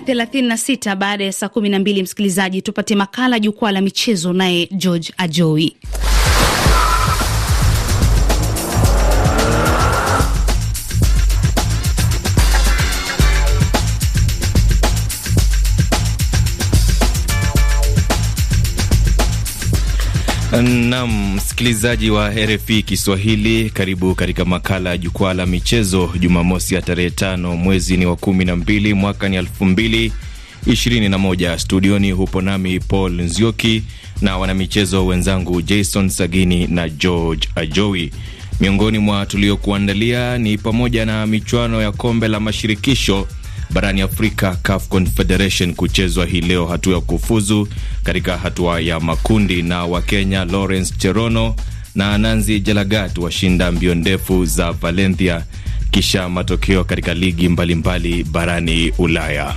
36 baada ya saa 12, msikilizaji, tupate makala jukwaa la michezo naye George Ajoi. Nam msikilizaji wa RFI Kiswahili, karibu katika makala ya jukwaa la michezo Jumamosi ya tarehe tano mwezi ni wa kumi na mbili mwaka ni elfu mbili ishirini na moja. Studioni hupo nami Paul Nzioki na wanamichezo wenzangu Jason Sagini na George Ajowi. Miongoni mwa tuliokuandalia ni pamoja na michuano ya kombe la mashirikisho barani Afrika, CAF Confederation, kuchezwa hii leo hatua ya kufuzu katika hatua ya makundi, na Wakenya Lawrence Cherono na nanzi Jelagat washinda mbio ndefu za Valencia, kisha matokeo katika ligi mbalimbali mbali barani Ulaya.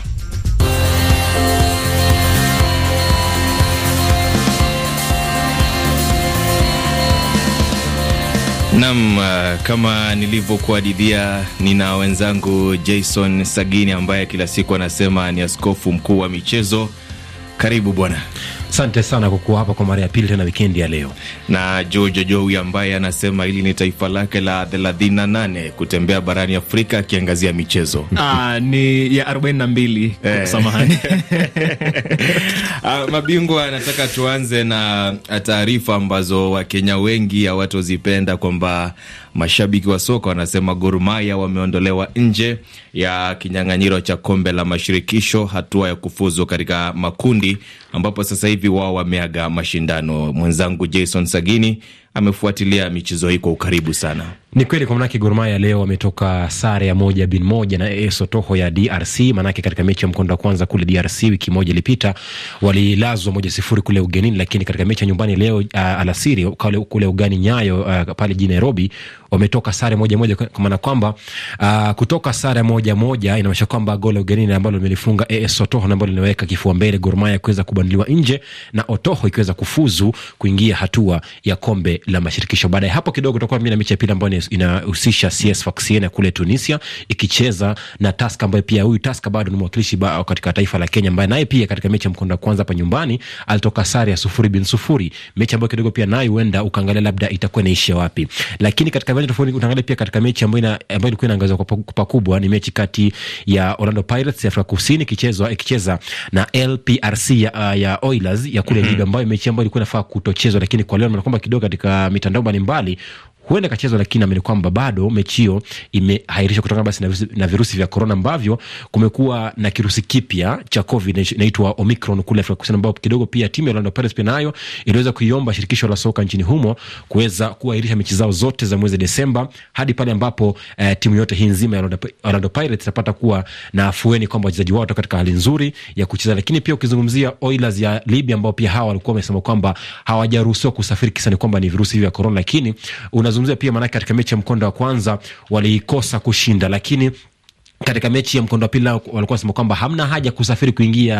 nam uh, kama nilivyokuadidhia, nina wenzangu Jason Sagini ambaye kila siku anasema ni askofu mkuu wa michezo. Karibu bwana. Asante sana kwa kuwa hapa kwa mara ya pili tena wikendi ya leo. Na Jojo Jowi ambaye anasema hili ni taifa lake la 38 kutembea barani Afrika akiangazia michezo. Aa, ah, ni ya 42 eh. Samahani. Ah, mabingwa, nataka tuanze na ah, taarifa ambazo Wakenya wengi hawatozipenda kwamba mashabiki wa soka wanasema Gor Mahia wameondolewa nje ya kinyang'anyiro cha kombe la mashirikisho hatua ya kufuzu katika makundi ambapo sasa hivi wao wameaga mashindano. Mwenzangu Jason Sagini amefuatilia michezo hii kwa ukaribu sana. Ni kweli kwa manake Gor Mahia leo wametoka sare ya moja bin moja na AS Otoho ya DRC. Manake katika mechi ya mkondo wa kwanza kule DRC wiki moja ilipita walilazwa moja sifuri kule ugenini, lakini katika mechi ya nyumbani leo uh, alasiri kule kule ugani Nyayo uh, pale jijini Nairobi wametoka sare moja moja, kwa maana kwamba uh, kutoka sare moja moja inaonyesha kwamba goli ugenini ambalo limelifunga AS Otoho na ambalo limeweka kifua mbele Gor Mahia kuweza kubanduliwa nje na Otoho ikiweza kufuzu kuingia hatua ya kombe la mashirikisho. Baada ya hapo kidogo, tutakuwa mimi na mechi ya pili ambayo inahusisha CS Sfaxien kule Tunisia ikicheza na Tusker, ambaye pia huyu Tusker bado ni mwakilishi katika taifa la Kenya, ambaye naye pia katika mechi ya mkondo wa kwanza hapa nyumbani alitoka sare ya sufuri bin sufuri, mechi ambayo kidogo pia naye huenda ukaangalia labda itakuwa inaishia wapi. Lakini katika viwanja tofauti utaangalia pia katika mechi ambayo ambayo ilikuwa inaangazwa inaangaziwa pakubwa, ni mechi kati ya Orlando Pirates ya Afrika Kusini ikichezwa ikicheza na LPRC ya, ya Oilers ya kule mm -hmm. Liga ambayo mechi ambayo ilikuwa inafaa kutochezwa, lakini kwa leo naona kwamba kidogo katika mitandao mbalimbali huenda kachezwa, lakini ameni kwamba bado mechi hiyo imeahirishwa kutokana basi na virusi, vya korona ambavyo kumekuwa na kirusi kipya cha covid inaitwa omicron kule Afrika Kusini, ambao kidogo pia timu ya Orlando Pirates pia nayo iliweza kuiomba shirikisho la soka nchini humo kuweza kuahirisha mechi zao zote za mwezi Desemba hadi pale ambapo eh, timu yote hii nzima ya Orlando Pirates itapata kuwa na afueni kwamba wachezaji wao katika hali nzuri ya kucheza. Lakini pia ukizungumzia Oilers ya Libya ambao pia hawa walikuwa wamesema kwamba hawajaruhusiwa kusafiri, kisa ni kwamba ni virusi vya korona, lakini una Nazungumzia pia maanake katika mechi ya mkondo wa kwanza waliikosa kushinda, lakini katika mechi ya mkondo wa pili nao walikuwa wanasema kwamba hamna haja kusafiri kuingia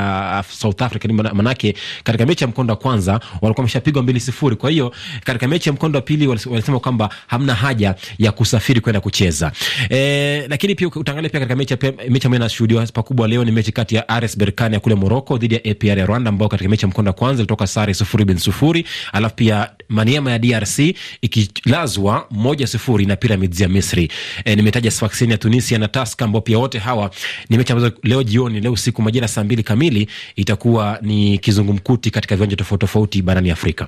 uh, South Africa, manake katika mechi ya mkondo wa kwanza walikuwa wameshapigwa mbili sifuri. Kwa hiyo katika mechi ya mkondo wa pili walisema kwamba hamna haja ya kusafiri kwenda kucheza e, lakini pia utaangalia pia katika mechi, mechi ambayo inashuhudiwa pakubwa leo ni mechi kati ya RS Berkane ya kule Morocco dhidi ya APR ya Rwanda ambao katika mechi ya mkondo wa kwanza ilitoka sare sufuri bin sufuri, alafu pia Maniema ya DRC ikilazwa moja sifuri na Pyramids ya Misri. E, nimetaja Sfaxien ya Tunisia na Taska ambao pia ya wote hawa ni mechi ambazo leo jioni, leo usiku majira saa mbili kamili itakuwa ni kizungumkuti katika viwanja tofauti tofauti barani Afrika.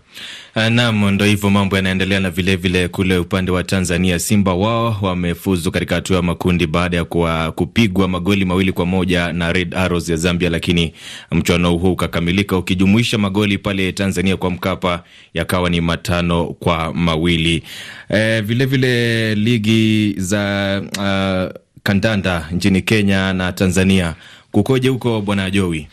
Eh, naam, ndo hivyo mambo yanaendelea. Na vilevile vile kule upande wa Tanzania, Simba wao wamefuzu katika hatua ya makundi baada ya kupigwa magoli mawili kwa moja na Red Arrows ya Zambia, lakini mchuano huu ukakamilika ukijumuisha magoli pale Tanzania kwa Mkapa yakawa ni matano kwa mawili. Vilevile eh, vile ligi za uh, kandanda nchini Kenya na Tanzania. Kukoje huko bwana Jowi?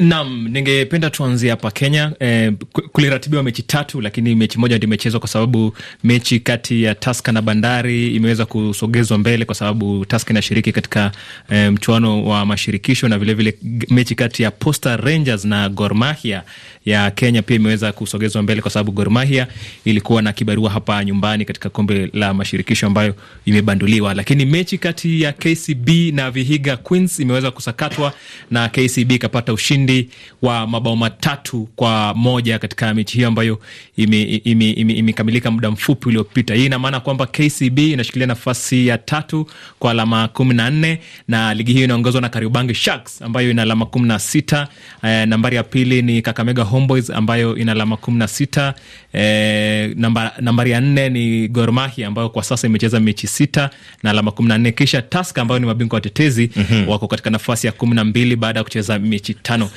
Nam, ningependa tuanzie hapa Kenya. Eh, kuliratibiwa mechi tatu, lakini mechi moja ndio imechezwa kwa sababu mechi kati ya Taska na Bandari imeweza kusogezwa mbele kwa sababu Taska inashiriki katika eh, mchuano wa mashirikisho na vilevile vile mechi kati ya Posta Rangers na Gor Mahia ya Kenya pia imeweza kusogezwa mbele kwa sababu Gor Mahia ilikuwa na kibarua hapa nyumbani katika kombe la mashirikisho ambayo imebanduliwa, lakini mechi kati ya KCB na Vihiga Queens imeweza kusakatwa na KCB ikapata ushindi ushindi wa mabao matatu kwa moja katika mechi hiyo ambayo imekamilika ime, ime, ime muda mfupi uliopita. Hii ina maana kwamba KCB inashikilia nafasi ya tatu kwa alama kumi na nne na ligi hiyo inaongozwa na Kariobangi Sharks ambayo ina alama kumi na sita. E, nambari ya pili ni Kakamega Homeboys ambayo ina alama kumi na sita. E, namba, nambari ya nne ni Gor Mahia ambayo kwa sasa imecheza mechi sita na alama kumi na nne kisha Tusker ambayo ni mabingwa watetezi mm -hmm. wako katika nafasi ya kumi na mbili baada ya kucheza mechi tano.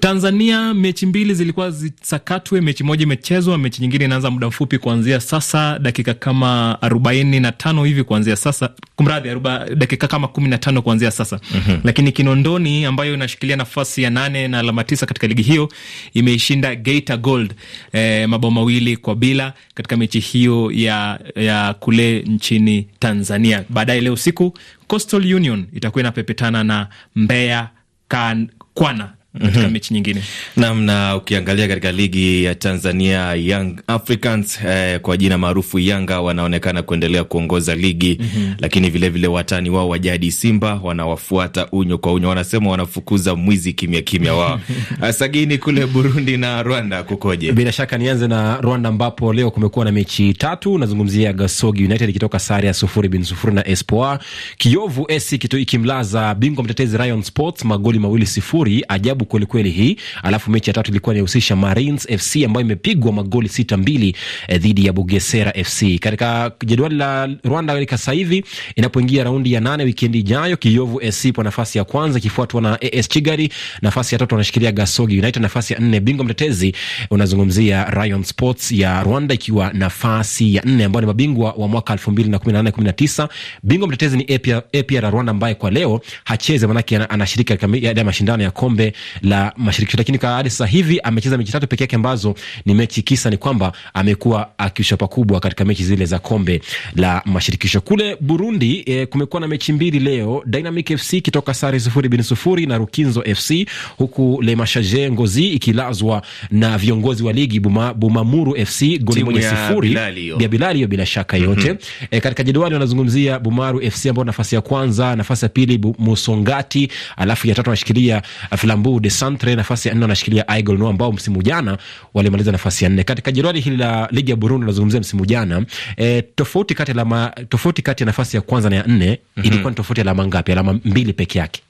Tanzania mechi mbili zilikuwa zisakatwe, mechi moja imechezwa, mechi nyingine inaanza muda mfupi kuanzia sasa, dakika kama arobaini na tano hivi kuanzia sasa, kumradhi, dakika kama kumi na tano kuanzia sasa. mm -hmm. Lakini Kinondoni ambayo inashikilia nafasi ya nane na alama tisa katika ligi hiyo imeishinda Geita Gold eh, mabao mawili kwa bila katika mechi hiyo ya, ya kule nchini Tanzania. Baadaye leo usiku Coastal Union itakuwa inapepetana na Mbeya kan, Kwana katika mm -hmm. mechi nyingine nam na ukiangalia katika ligi ya Tanzania Young Africans eh, kwa jina maarufu Yanga wanaonekana kuendelea kuongoza ligi mm -hmm. lakini vilevile vile watani wao wajadi Simba wanawafuata unyo kwa unyo, wanasema wanafukuza mwizi kimya kimya wao ah, Sagini kule Burundi na Rwanda kukoje? Bila shaka nianze na Rwanda ambapo leo kumekuwa na mechi tatu. Nazungumzia Gasogi United ikitoka sare ya sufuri bin sufuri na Espoir, Kiovu SC ikimlaza bingwa mtetezi Rayon Sports magoli mawili sifuri. Ajabu ajabu kwelikweli hii. Alafu mechi ya tatu ilikuwa inahusisha Marines FC ambayo imepigwa magoli sita mbili eh, dhidi ya Bugesera FC. Katika jedwali la Rwanda sasa hivi inapoingia raundi ya nane wikendi ijayo, Kiyovu SC kwa nafasi ya kwanza ikifuatwa na AS Kigali, nafasi ya tatu wanashikilia Gasogi United, nafasi ya nne bingwa mtetezi unazungumzia Rayon Sports ya Rwanda ikiwa nafasi ya nne ambao ni mabingwa wa mwaka elfu mbili na kumi na nane kumi na tisa. Bingwa mtetezi ni APR ya Rwanda ambaye kwa leo hachezi, manake anashiriki katika mashindano ya kombe la mashirikisho, lakini kwa hadi sasa hivi amecheza mechi tatu peke yake ambazo ni mechi. Kisa ni kwamba amekuwa akihusisha pakubwa katika mechi zile za kombe la mashirikisho. Kule Burundi e, kumekuwa na mechi mbili leo, Dynamic FC kitoka sare sufuri bin sufuri na Rukinzo FC, huku Le Messager Ngozi ikilazwa na viongozi wa ligi Buma, Bumamuru FC goli moja sifuri ya Bilali, bila shaka mhm. yote. mm -hmm. E, katika jedwali wanazungumzia Bumaru FC ambao nafasi ya kwanza, nafasi ya pili Musongati, alafu ya tatu anashikilia Flambu huku De Santre nafasi ya nne wanashikilia Igor no ambao msimu jana walimaliza nafasi ya nne katika jedwali hili la ligi ya Burundi. Nazungumzia msimu jana e, tofauti kati ya tofauti kati ya nafasi ya kwanza na ya nne mm -hmm. ilikuwa ni tofauti ya alama ngapi? Alama mbili peke yake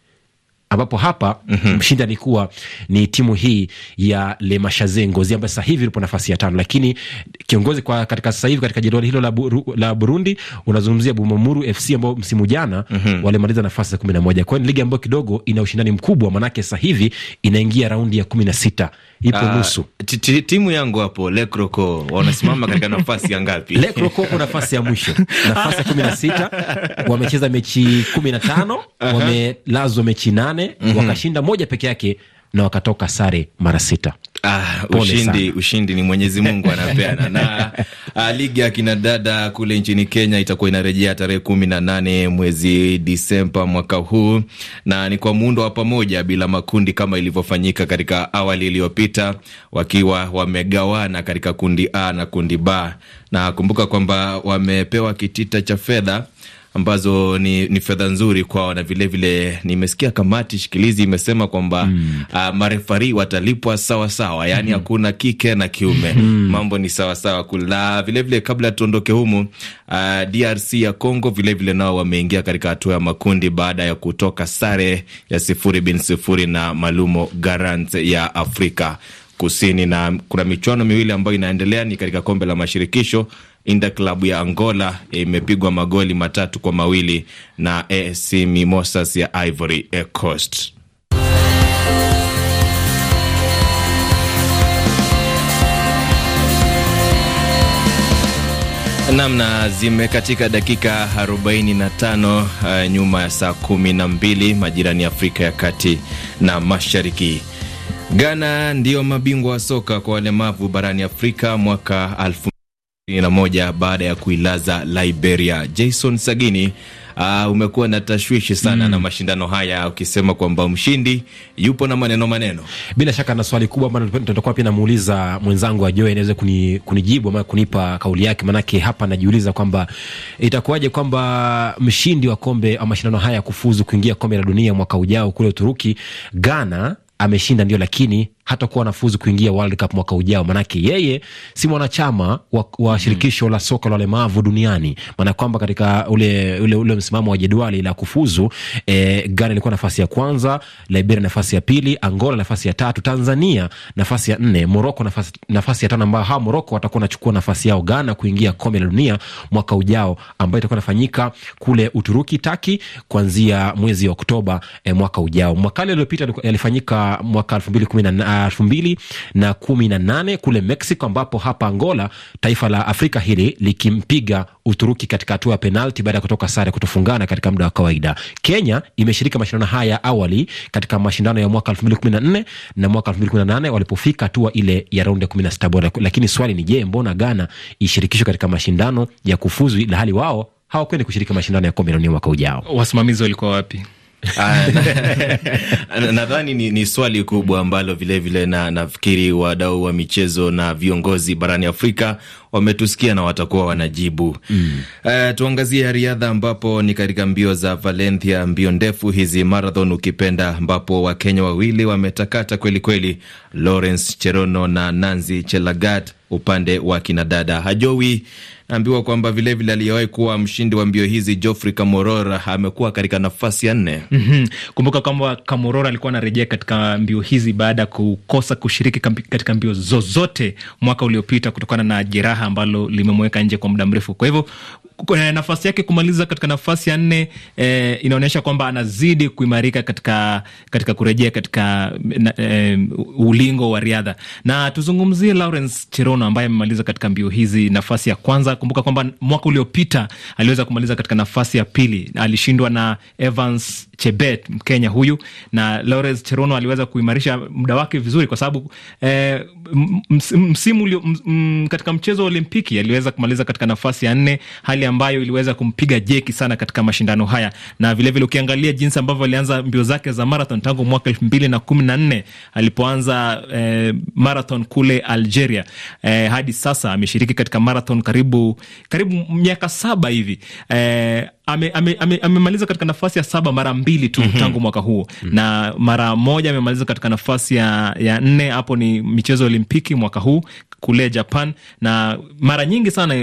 ambapo hapa mm -hmm. mshindi alikuwa ni timu hii ya Le Mashaze Ngozi ambayo sasa hivi ipo nafasi ya tano, lakini kiongozi kwa katika sasa hivi katika jedwali hilo la, buru, la Burundi unazungumzia Bumamuru FC ambao msimu jana mm -hmm. walimaliza nafasi ya kumi na moja. Kwa hiyo ni ligi ambayo kidogo ina ushindani mkubwa, manake sasa hivi inaingia raundi ya kumi na sita ipo ah, nusu. Timu yangu hapo Lekroko wanasimama katika nafasi ya ngapi? Lekroko wako nafasi ya mwisho, nafasi ya kumi na sita. Wamecheza mechi kumi na tano wamelazwa mechi nane, mhm. wakashinda moja peke yake na wakatoka sare mara sita. Ah, ushindi, ushindi ni Mwenyezi Mungu anapeana na ah, ligi ya kinadada kule nchini Kenya itakuwa inarejea tarehe kumi na nane mwezi Disemba mwaka huu, na ni kwa muundo wa pamoja bila makundi kama ilivyofanyika katika awali iliyopita, wakiwa wamegawana katika kundi A na kundi B, na kumbuka kwamba wamepewa kitita cha fedha ambazo ni, ni fedha nzuri kwao, na vilevile nimesikia kamati shikilizi imesema kwamba mm. uh, marefari watalipwa sawasawa, yaani mm-hmm. hakuna mm. kike na kiume mm. mambo ni sawasawa kule, na vilevile kabla tuondoke humu, uh, ah, DRC ya Congo vilevile nao wameingia katika hatua ya makundi baada ya kutoka sare ya sifuri bin sifuri na Malumo Garant ya Afrika Kusini, na kuna michuano miwili ambayo inaendelea ni katika kombe la mashirikisho Inda klabu ya Angola eh, imepigwa magoli matatu kwa mawili na ASC eh, Mimosas ya Ivory eh, Coast. Namna zimekatika dakika 45 uh, nyuma ya saa 12 majirani Afrika ya Kati na Mashariki. Ghana ndiyo mabingwa wa soka kwa walemavu barani Afrika mwaka 21 baada ya kuilaza Liberia. Jason Sagini, uh, umekuwa na tashwishi sana mm, na mashindano haya ukisema kwamba mshindi yupo na maneno maneno. Bila shaka na swali kubwa ambalo tutakuwa pia namuuliza mwenzangu ajoe anaweza kuni, kunijibu ama kunipa kauli yake, maanake hapa najiuliza kwamba itakuwaje kwamba mshindi wa kombe au mashindano haya kufuzu kuingia kombe la dunia mwaka ujao kule Uturuki, Ghana ameshinda ndio, lakini hatakuwa anafuzu kuingia World Cup mwaka ujao, maanake yeye si mwanachama wa, wa mm. shirikisho mm. la soka la walemavu duniani. Maana kwamba katika ule, ule, ule msimamo wa jedwali la kufuzu e, Ghana ilikuwa nafasi ya kwanza, Liberia nafasi ya pili, Angola nafasi ya tatu, Tanzania nafasi ya nne, Moroko nafasi, nafasi ya tano, ambayo hawa Moroko watakuwa nachukua nafasi yao Ghana kuingia kombe la dunia mwaka ujao ambayo itakuwa inafanyika kule Uturuki Taki kuanzia mwezi wa Oktoba e, mwaka ujao. Mwakale aliopita yalifanyika mwaka elfu mbili kumi na na elfu mbili na kumi na nane kule Mexico, ambapo hapa Angola taifa la Afrika hili likimpiga Uturuki katika hatua ya penalti baada ya kutoka sare kutofungana katika muda wa kawaida. Kenya imeshiriki mashindano haya ya awali katika mashindano ya mwaka elfu mbili kumi na nne na mwaka elfu mbili kumi na nane walipofika hatua ile ya raundi ya kumi na sita bora, lakini swali ni je, mbona Ghana ishirikishwe katika mashindano ya kufuzu, ila hali wao hawakwendi kushiriki mashindano ya kombe la dunia mwaka ujao? Wasimamizi walikuwa wapi? Ah, nadhani ni, ni swali kubwa ambalo vilevile na nafikiri wadau wa michezo na viongozi barani Afrika wametusikia na watakuwa wanajibu. Mm. Uh, tuangazie riadha ambapo ni katika mbio za Valencia, mbio ndefu hizi marathon ukipenda, ambapo Wakenya wawili wametakata kwelikweli, Lawrence Cherono na Nancy Chelagat upande wa kinadada Hajowi Naambiwa kwamba vilevile aliyewahi kuwa mshindi wa mbio hizi Geoffrey Kamworor amekuwa katika nafasi ya nne. mm -hmm. Kumbuka kwamba Kamworor alikuwa anarejea katika mbio hizi baada ya kukosa kushiriki katika mbio zozote mwaka uliopita kutokana na jeraha ambalo limemweka nje kwa muda mrefu. Kwa hivyo eh, nafasi yake kumaliza katika nafasi ya nne eh, inaonyesha kwamba anazidi kuimarika katika, katika kurejea katika na, eh, ulingo wa riadha. Na tuzungumzie Lawrence Cherono ambaye amemaliza katika mbio hizi nafasi ya kwanza Kumbuka kwamba mwaka uliopita aliweza kumaliza katika nafasi ya pili, alishindwa na Evans Chebet, Mkenya huyu, na Lawrence Cherono aliweza kuimarisha muda wake vizuri kwa sababu eh, msimu katika mchezo wa Olimpiki aliweza kumaliza katika nafasi ya nne, hali ambayo iliweza kumpiga jeki sana katika mashindano haya. Na vilevile ukiangalia jinsi ambavyo alianza mbio zake za marathon tangu mwaka elfu mbili na kumi na nne alipoanza eh, marathon kule Algeria eh, hadi sasa ameshiriki katika marathon karibu karibu miaka saba hivi eh, amemaliza ame, ame katika nafasi ya saba mara mbili tu mm -hmm. tangu mwaka huo mm -hmm. na mara moja amemaliza katika nafasi ya, ya nne hapo ni michezo ya Olimpiki mwaka huu kule Japan, na mara nyingi sana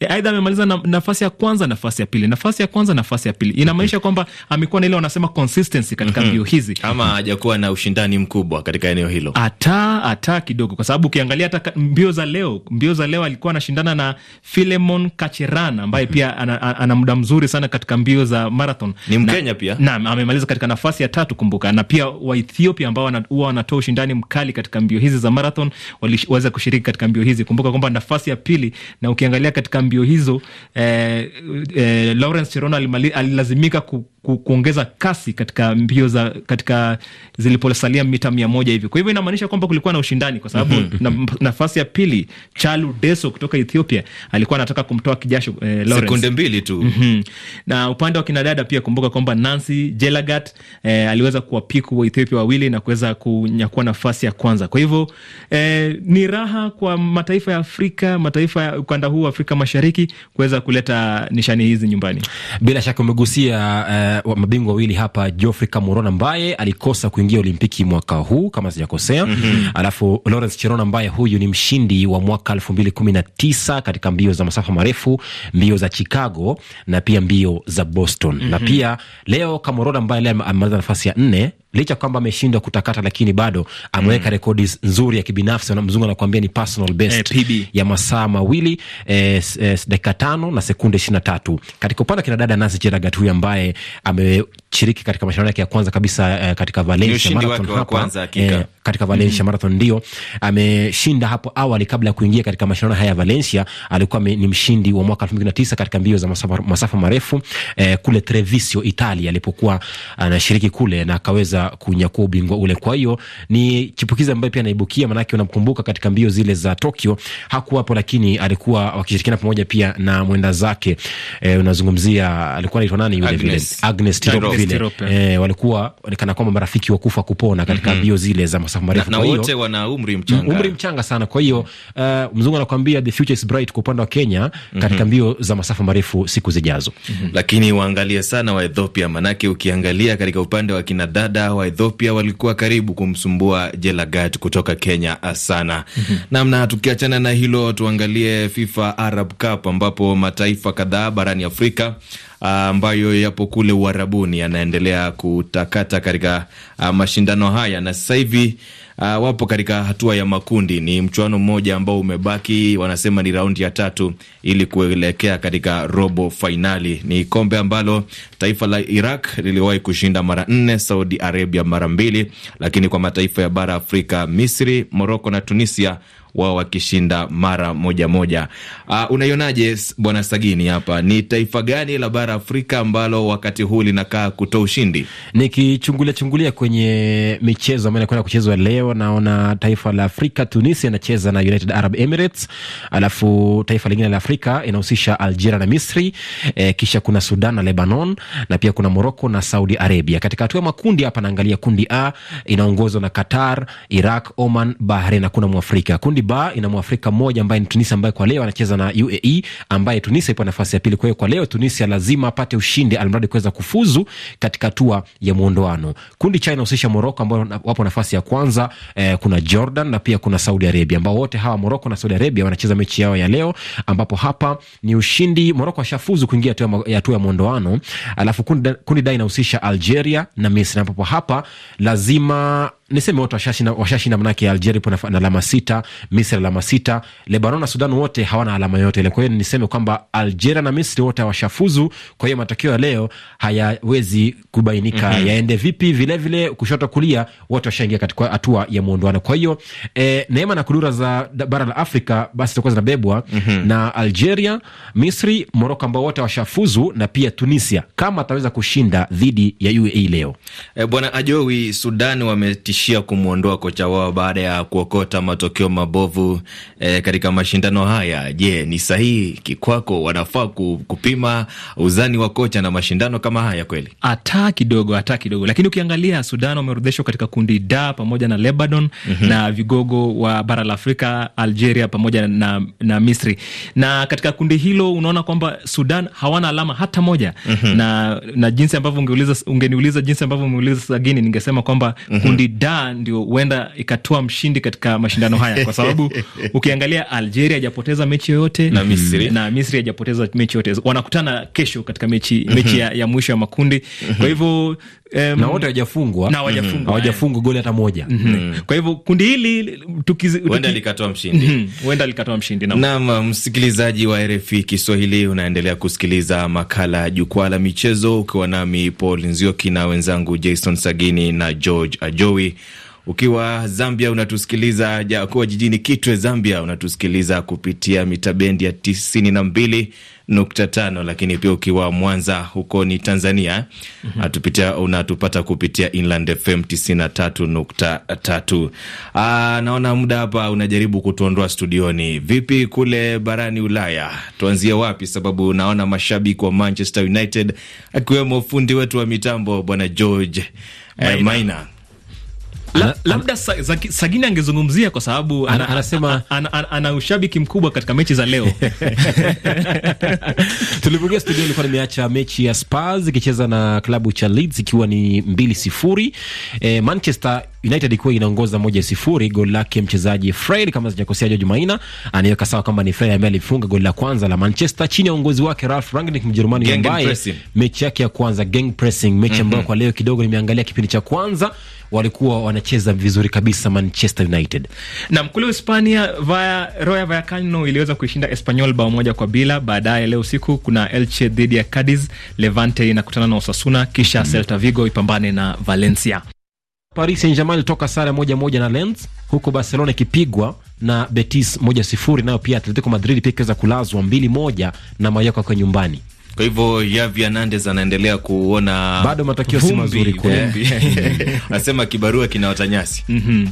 Eh, aidha amemaliza na, nafasi ya kwanza, nafasi ya pili, nafasi ya kwanza, nafasi ya pili. Inamaanisha mm-hmm. kwamba amekuwa na ile wanasema consistency katika mbio mm-hmm. hizi, ama hajakuwa na ushindani mkubwa katika eneo hilo hata hata kidogo, kwa sababu ukiangalia hata mbio za leo, mbio za leo alikuwa anashindana na Filemon Kacheran ambaye mm-hmm. pia ana, ana, ana muda mzuri sana katika mbio za marathon, ni Mkenya pia na amemaliza katika nafasi ya tatu, kumbuka, na pia wa Ethiopia ambao huwa wanatoa ushindani mkali katika mbio hizi za marathon waliweza kushiriki katika mbio hizi. Kumbuka kwamba nafasi ya pili na ukiangalia katika mbio hizo eh, eh, Lawrence Cherono alilazimika ku, ku, kuongeza kasi katika mbio za katika ziliposalia mita mia moja hivi. Kwa hivyo inamaanisha kwamba kulikuwa na ushindani kwa sababu mm -hmm. na, nafasi ya pili Chalu Deso kutoka Ethiopia alikuwa anataka kumtoa kijasho eh, Lawrence sekunde mbili tu mm -hmm. na upande wa kinadada pia kumbuka kwamba Nancy Jelagat eh, aliweza kuwapiku wa Ethiopia wawili na kuweza kunyakua nafasi ya kwanza. Kwa hivyo eh, ni raha kwa mataifa ya Afrika, mataifa ya ukanda huu wa Afrika Mashariki Mashariki kuweza kuleta nishani hizi nyumbani. Bila shaka umegusia uh, mabingwa wawili hapa, Geoffrey Kamuron ambaye alikosa kuingia Olimpiki mwaka huu kama sijakosea, mm -hmm. alafu Lawrence Cheron ambaye huyu ni mshindi wa mwaka elfu mbili kumi na tisa katika mbio za masafa marefu, mbio za Chicago na pia mbio za Boston. Mm -hmm. na mhm. pia leo Kamuron ambaye leo amemaliza nafasi ya nne licha kwamba ameshindwa kutakata, lakini bado ameweka mm. rekodi nzuri ya kibinafsi. Mzungu anakuambia ni personal best eh, ya masaa mawili eh, eh, dakika tano na sekunde ishirini na tatu. Katika upande wa kinadada Nancy Chelagat huyu ambaye ame alishiriki katika mashindano yake ya kwanza kabisa eh, katika Valencia Marathon hapa, kwanza, eh, katika mhm. Valencia mm. -hmm. Marathon ndio ameshinda hapo awali. Kabla ya kuingia katika mashindano haya ya Valencia, alikuwa ni mshindi wa mwaka 2009 katika mbio za masafa, masafa marefu eh, kule Treviso, Italia, alipokuwa anashiriki kule na akaweza kunyakua ubingwa ule. Kwa hiyo ni chipukizi ambaye pia anaibukia, manake unamkumbuka katika mbio zile za Tokyo hakuwapo, lakini alikuwa wakishirikiana pamoja pia na mwenda zake eh, unazungumzia alikuwa anaitwa nani yule, Agnes, Agnes Tirop vile eh, walikuwa onekana kwamba marafiki wa kufa kupona katika mhm. mbio mm -hmm. zile za masafa marefu, na wote wana umri mchanga, mm, umri mchanga sana. Kwa hiyo uh, mzungu anakuambia the future is bright kwa upande wa Kenya mhm. katika mbio mm -hmm. za masafa marefu siku zijazo mm -hmm. Lakini waangalie sana wa Ethiopia, manake ukiangalia katika upande wa kinadada wa Ethiopia walikuwa karibu kumsumbua Jelagat kutoka Kenya ah, sana mm -hmm. Namna tukiachana na hilo, tuangalie FIFA Arab Cup ambapo mataifa kadhaa barani Afrika Uh, ambayo yapo kule Uarabuni, yanaendelea kutakata katika uh, mashindano haya na sasa hivi Uh, wapo katika hatua ya makundi. Ni mchuano mmoja ambao umebaki, wanasema ni raundi ya tatu ili kuelekea katika robo fainali. Ni kombe ambalo taifa la Iraq liliwahi kushinda mara nne, Saudi Arabia mara mbili, lakini kwa mataifa ya bara Afrika, Misri, Moroko na Tunisia wao wakishinda mara moja moja. Uh, unaionaje bwana Sagini? Hapa ni taifa gani la bara Afrika ambalo wakati huu linakaa kutoa ushindi? Nikichungulia chungulia kwenye michezo ambayo inakwenda kuchezwa leo, naona taifa la Afrika Tunisia inacheza na United Arab Emirates, alafu taifa lingine la Afrika inahusisha Algeria na Misri e, kisha kuna Sudan na Lebanon na pia kuna Morocco na Saudi Arabia. Katika hatua ya makundi hapa naangalia kundi A inaongozwa na Qatar, Iraq, Oman, Bahrain na kuna Mwafrika kundi kundi ba ina mwafrika mmoja ambaye ni Tunisia ambaye kwa leo anacheza na UAE ambaye Tunisia ipo nafasi ya pili. Kwa hiyo kwa leo Tunisia lazima apate ushindi almradi kuweza kufuzu katika hatua ya muondoano. Kundi cha inahusisha Moroko ambao wapo nafasi ya kwanza eh, kuna Jordan na pia kuna Saudi Arabia ambao wote hawa Moroko na Saudi Arabia wanacheza mechi yao ya leo, ambapo hapa ni ushindi. Moroko ashafuzu kuingia hatua ya muondoano. Alafu kundi, kundi da inahusisha Algeria na Misri ambapo hapa lazima niseme wote washashinda, manake Algeria ipo na alama sita, Misri alama sita, Lebanon na Sudan wote hawana alama yote ile. Kwa hiyo niseme kwamba Algeria na Misri wote hawashafuzu, Kwa hiyo matokeo ya leo hayawezi kubainika mm -hmm. yaende vipi. Vilevile kushoto kulia, wote washaingia katika hatua ya muondoano. Kwa hiyo e, neema na kudura za bara la Afrika basi zitakuwa zinabebwa mm -hmm. na Algeria, Misri, Moroko ambao wote washafuzu na pia Tunisia kama ataweza kushinda dhidi ya UAE leo. E, bwana Ajowi, Sudan wametisha wametishia kumwondoa kocha wao baada ya kuokota matokeo mabovu e, katika mashindano haya. Je, ni sahihi kikwako? Wanafaa kupima uzani wa kocha na mashindano kama haya kweli? Hata kidogo, hata kidogo. Lakini ukiangalia Sudan wameorodheshwa katika kundi D pamoja na Lebanon mm -hmm. na vigogo wa bara la Afrika Algeria pamoja na, na Misri, na katika kundi hilo unaona kwamba Sudan hawana alama hata moja mm -hmm. na, na jinsi ambavyo ungeniuliza jinsi ambavyo umeuliza sagini, ningesema kwamba mm -hmm. kundi D njaa ndio huenda ikatoa mshindi katika mashindano haya, kwa sababu ukiangalia Algeria hajapoteza mechi yoyote na Misri, na Misri hajapoteza mechi yoyote, wanakutana kesho katika mechi mechi ya, ya mwisho ya makundi. Kwa hivyo Um, na wote hawajafungwa na hawajafungwa mm-hmm. hawajafungwa goli hata moja. Mhm. Mm-hmm. Kwa hivyo kundi hili huenda likatoa mshindi, mhm. huenda likatoa mshindi. Naam, msikilizaji wa RFI Kiswahili, unaendelea kusikiliza makala ya jukwaa la michezo ukiwa nami Paul Nzioki na wenzangu Jason Sagini na George Ajowi. Ukiwa Zambia unatusikiliza ja, kuwa jijini Kitwe, Zambia unatusikiliza kupitia mita bendi ya tisini na mbili nukta tano, lakini pia ukiwa Mwanza huko ni Tanzania mm -hmm. Atupitia, unatupata kupitia Inland FM tisini na tatu nukta tatu. Aa, ah, naona muda hapa unajaribu kutuondoa studioni. Vipi kule barani Ulaya, tuanzie wapi? Sababu naona mashabiki wa Manchester United akiwemo fundi wetu wa mitambo Bwana George Maina, eh, Maina. La, labda Sagini angezungumzia kwa sababu ana, anasema ana, ana, ana ana ushabiki mkubwa katika mechi za leo. Tulipoingia studio ilikuwa nimeacha mechi ya Spurs ikicheza na klabu cha Leeds ikiwa ni mbili sifuri. E, Manchester United ikiwa inaongoza moja sifuri, goli lake mchezaji Fred kama sijakosea, George Maina anaweka sawa kwamba ni Fred ambaye alifunga goli la kwanza la Manchester chini ya uongozi wake Ralf Rangnick Mjerumani ambaye mechi yake ya kwanza gang pressing, mechi mhm. ambayo mm -hmm. kwa leo kidogo nimeangalia kipindi cha kwanza walikuwa wanacheza vizuri kabisa Manchester United. Nam kule Hispania, roya Rayo Vallecano iliweza kuishinda Espanyol bao moja kwa bila. Baadaye leo usiku kuna Elche dhidi ya Cadiz, Levante inakutana na Osasuna, kisha mm-hmm. Celta Vigo ipambane na Valencia. Paris Saint-Germain ilitoka sare moja moja na Lens, huku Barcelona ikipigwa na Betis moja sifuri, nayo pia Atletico Madrid pia ikiweza kulazwa mbili moja na Mayoka kwa nyumbani. Kwa hivyo Javi Hernandez anaendelea kuona bado matakio si mazuri kule, eh. anasema kibarua kinaota nyasi. mm -hmm.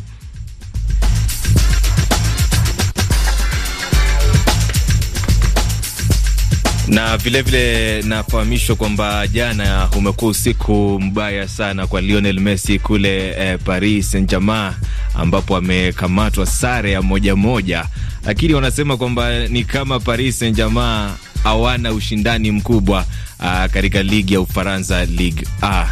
na vilevile nafahamishwa kwamba jana umekuwa usiku mbaya sana kwa Lionel Messi kule eh, Paris Saint-Germain ambapo amekamatwa sare ya moja moja, lakini wanasema kwamba ni kama Paris Saint-Germain hawana ushindani mkubwa ah, katika ligi ya Ufaransa Ligue A.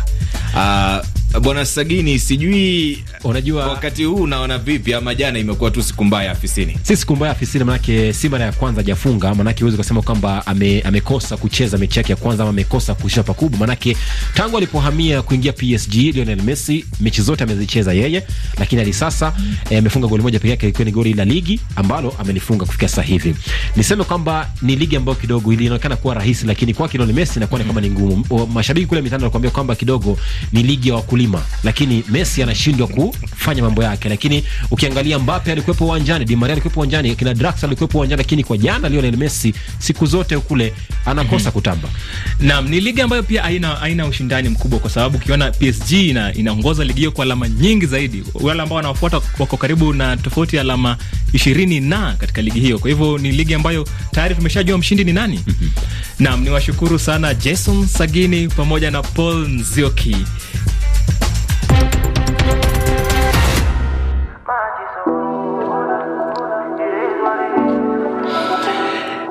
Ah, Eh, Bwana Sagini, sijui unajua wakati huu unaona vipi, ama jana imekuwa tu siku mbaya afisini. Si siku mbaya afisini, manake si mara ya kwanza hajafunga, manake huwezi kusema kwamba ame, amekosa kucheza mechi yake ya kwanza ama amekosa kushia pakubwa, manake tangu alipohamia kuingia PSG, Lionel Messi mechi zote amezicheza yeye, lakini hadi sasa eh, amefunga mm. eh, goli moja peke yake, ikiwa ni goli la ligi ambalo amelifunga kufikia sasa hivi. Niseme kwamba ni ligi ambayo kidogo ilionekana kuwa rahisi, lakini kwa Lionel Messi inakuwa ni kama ni ngumu. Mashabiki kule mitandao wanakuambia kwamba kidogo ni ligi ya wakulia kulima, lakini Messi anashindwa kufanya mambo yake. Lakini ukiangalia Mbappe alikuwepo uwanjani, Di Maria alikuwepo uwanjani, kina Drax alikuwepo uwanjani, lakini kwa jana Lionel Messi siku zote kule anakosa mm -hmm. kutamba. Naam, ni ligi ambayo pia haina haina ushindani mkubwa kwa sababu ukiona PSG ina inaongoza ligi hiyo kwa alama nyingi zaidi. Wale ambao wanaofuata wako karibu na tofauti ya alama 20 na katika ligi hiyo. Kwa hivyo ni ligi ambayo tayari tumeshajua mshindi ni nani. Mm -hmm. Naam, niwashukuru sana Jason Sagini pamoja na Paul Nzioki.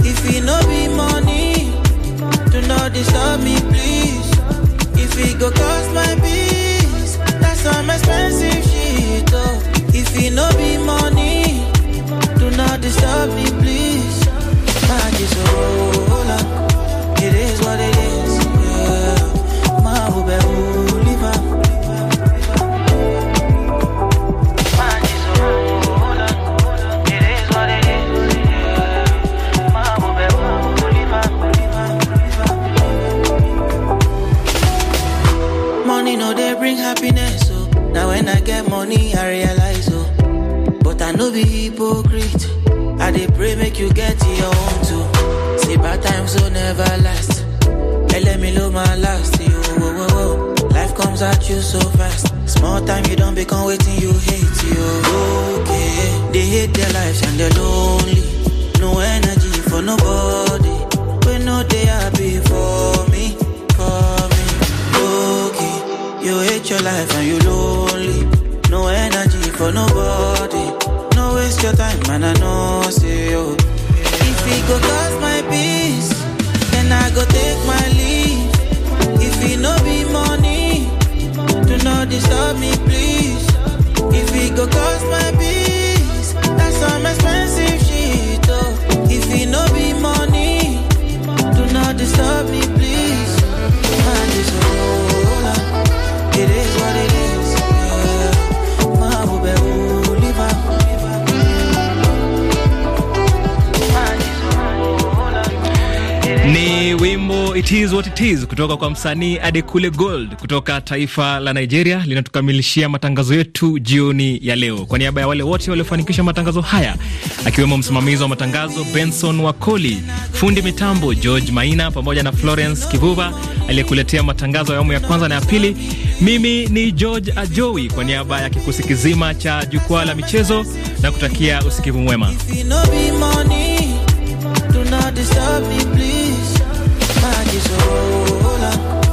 If it no be money, do not disturb me, please. If it go cost my peace, that's some expensive shit, oh. you. Okay. They hate their lives and they're lonely. No energy for nobody. We know they happy for me, for me. Okay. You hate your life and you lonely. No energy for nobody. No waste your time, man. I know, say yo. If it go cause my peace, then I go take my leave. If it no be money, do not disturb me, please baby go cost my peace. That's some expensive shit, though. If he no be It is what it is kutoka kwa msanii Adekule Gold kutoka taifa la Nigeria linatukamilishia matangazo yetu jioni ya leo. Kwa niaba ya wale wote waliofanikisha matangazo haya, akiwemo msimamizi wa matangazo Benson Wakoli, fundi mitambo George Maina, pamoja na Florence Kivuva aliyekuletea matangazo ya awamu ya kwanza na ya pili. Mimi ni George Ajowi kwa niaba ya kikosi kizima cha jukwaa la michezo na kutakia usikivu mwema. sola